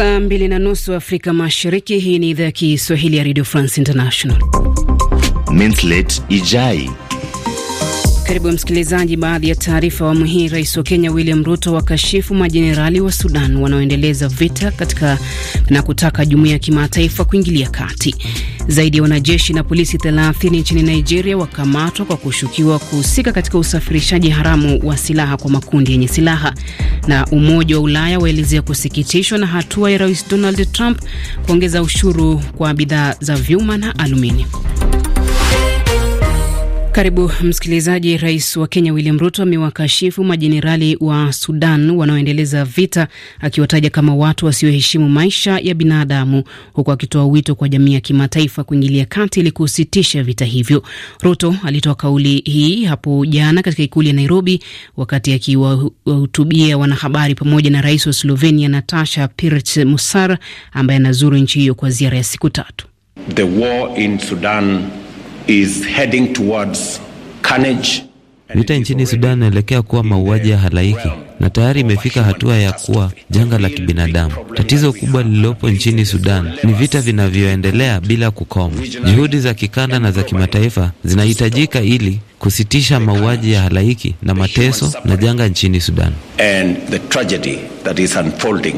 Saa mbili na nusu Afrika Mashariki. Hii ni idhaa ya Kiswahili ya Radio France International. Mintlet Ijai. Karibu msikilizaji. Baadhi ya taarifa awamu hii. Rais wa Kenya William Ruto wakashifu majenerali wa Sudan wanaoendeleza vita katika na kutaka jumuiya ya kimataifa kuingilia kati. Zaidi ya wanajeshi na polisi 30 nchini Nigeria wakamatwa kwa kushukiwa kuhusika katika usafirishaji haramu wa silaha kwa makundi yenye silaha. Na Umoja wa Ulaya waelezea kusikitishwa na hatua ya Rais Donald Trump kuongeza ushuru kwa bidhaa za vyuma na alumini. Karibu msikilizaji. Rais wa Kenya William Ruto amewakashifu majenerali wa Sudan wanaoendeleza vita, akiwataja kama watu wasioheshimu maisha ya binadamu, huku akitoa wito kwa jamii ya kimataifa kuingilia kati ili kusitisha vita hivyo. Ruto alitoa kauli hii hapo jana katika ikulu ya Nairobi, wakati akiwahutubia wanahabari pamoja na rais wa Slovenia Natasha Pirc Musar ambaye anazuru nchi hiyo kwa ziara ya siku tatu. The war in Sudan is heading towards carnage. Vita nchini Sudan inaelekea kuwa mauaji ya halaiki na tayari imefika hatua ya kuwa janga la kibinadamu. Tatizo kubwa lililopo nchini Sudan ni vita vinavyoendelea bila kukoma. Juhudi za kikanda na za kimataifa zinahitajika ili kusitisha mauaji ya halaiki na mateso na janga nchini Sudan. And the tragedy that is unfolding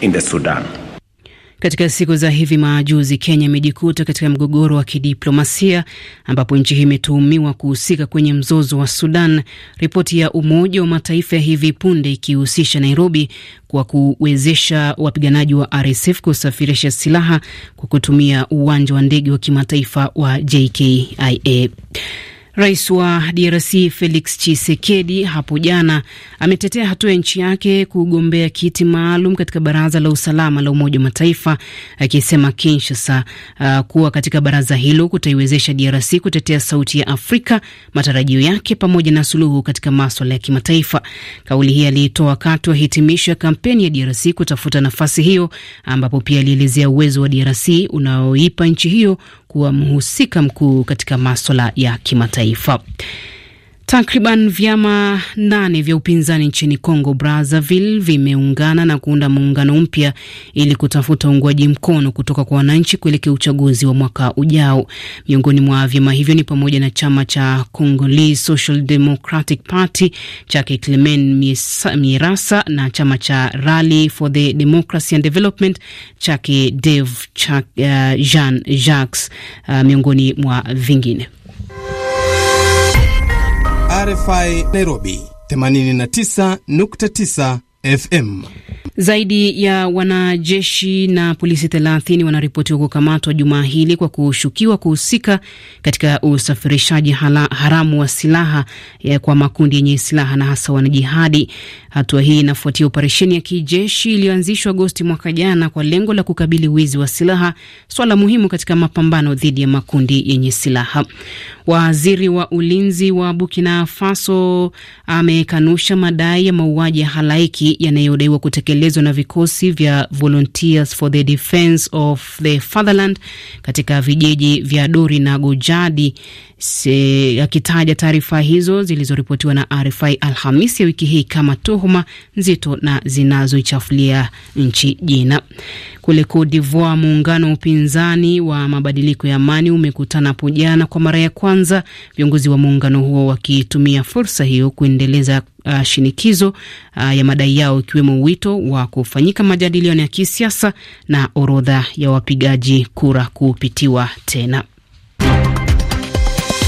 in the Sudan. Katika siku za hivi majuzi, Kenya imejikuta katika mgogoro wa kidiplomasia ambapo nchi hii imetuhumiwa kuhusika kwenye mzozo wa Sudan, ripoti ya Umoja wa Mataifa ya hivi punde ikihusisha Nairobi kwa kuwezesha wapiganaji wa RSF kusafirisha silaha kwa kutumia uwanja wa ndege wa kimataifa wa JKIA. Rais wa DRC Felix Tshisekedi hapo jana ametetea hatua ya nchi yake kugombea kiti maalum katika baraza la usalama la Umoja wa Mataifa, akisema Kinshasa uh, kuwa katika baraza hilo kutaiwezesha DRC kutetea sauti ya Afrika, matarajio yake pamoja na suluhu katika maswala ya kimataifa. Kauli hii aliitoa wakati wa hitimisho ya kampeni ya DRC kutafuta nafasi hiyo, ambapo pia alielezea uwezo wa DRC unaoipa nchi hiyo kuwa mhusika mkuu katika maswala ya kimataifa. Taifa. Takriban vyama nane vya upinzani nchini Congo Brazzaville vimeungana na kuunda muungano mpya ili kutafuta uungwaji mkono kutoka kwa wananchi kuelekea uchaguzi wa mwaka ujao. Miongoni mwa vyama hivyo ni pamoja na chama cha Congolese Social Democratic Party chake Clement Mierasa na chama cha Rally for the Democracy and Development chake uh, Jean Jacques, eh, miongoni mwa vingine. RFI Nairobi 89.9 FM. Zaidi ya wanajeshi na polisi 30 wanaripotiwa kukamatwa jumaa hili kwa kushukiwa kuhusika katika usafirishaji hala, haramu wa silaha ya kwa makundi yenye silaha na hasa wanajihadi. Hatua hii inafuatia operesheni ya kijeshi iliyoanzishwa Agosti mwaka jana kwa lengo la kukabili wizi wa silaha, swala muhimu katika mapambano dhidi ya makundi yenye silaha. Waziri wa ulinzi wa Burkina Faso amekanusha madai ya mauaji ya halaiki yanayodaiwa kutekelezwa na vikosi vya Volunteers for the Defence of the Fatherland katika vijiji vya Dori na gujadi akitaja taarifa hizo zilizoripotiwa na RFI Alhamisi ya wiki hii kama tuhuma nzito na zinazoichafulia nchi jina. Kule Cote d'Ivoire, muungano wa upinzani wa mabadiliko ya amani umekutana hapo jana kwa mara ya kwanza, viongozi wa muungano huo wakitumia fursa hiyo kuendeleza Uh, shinikizo uh, ya madai yao ikiwemo wito wa kufanyika majadiliano ya kisiasa na orodha ya wapigaji kura kupitiwa tena.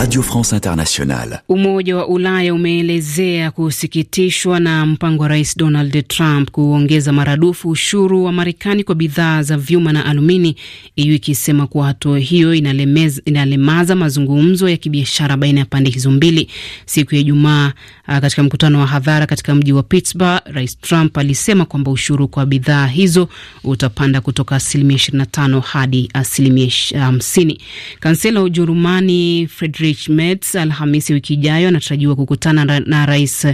Radio France Internationale. Umoja wa Ulaya umeelezea kusikitishwa na mpango wa Rais Donald Trump kuongeza maradufu ushuru wa Marekani kwa bidhaa za vyuma na alumini, hiyo ikisema kuwa hatua hiyo inalemeza, inalemaza mazungumzo ya kibiashara baina ya pande hizo mbili. Siku ya Ijumaa, ah, katika mkutano wa hadhara katika mji wa Pittsburgh, Rais Trump alisema kwamba ushuru kwa bidhaa hizo utapanda kutoka asilimia 25 hadi asilimia 50. Ah, Kansela wa Ujerumani Friedrich Friedrich Merz Alhamisi wiki ijayo anatarajiwa kukutana na, rais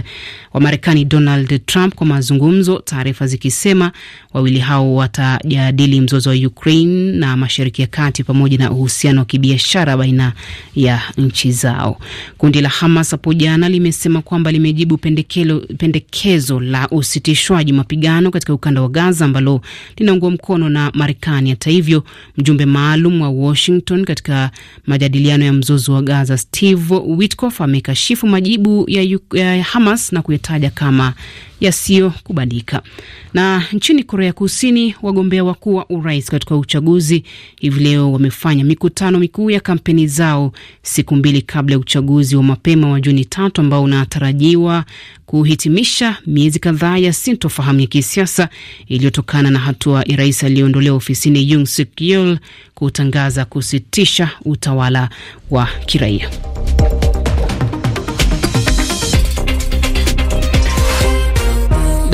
wa Marekani Donald Trump kwa mazungumzo, taarifa zikisema wawili hao watajadili mzozo wa Ukraine na Mashariki ya Kati pamoja na uhusiano wa kibiashara baina ya nchi zao. Kundi la Hamas hapo jana limesema kwamba limejibu pendekelo, pendekezo la usitishwaji mapigano katika ukanda wa Gaza ambalo linaungwa mkono na Marekani. Hata hivyo, mjumbe maalum wa Washington katika majadiliano ya mzozo wa Gaza Gaza Steve Witkoff amekashifu majibu ya, ya Hamas na kuyataja kama yasiyokubalika. Na nchini Korea Kusini, wagombea wakuu wa urais katika uchaguzi hivi leo wamefanya mikutano mikuu ya kampeni zao siku mbili kabla ya uchaguzi wa mapema wa Juni tatu ambao unatarajiwa kuhitimisha miezi kadhaa ya sintofahamu ya kisiasa iliyotokana na hatua ya rais aliyeondolewa ofisini Yoon Suk Yeol kutangaza kusitisha utawala wa kiraia.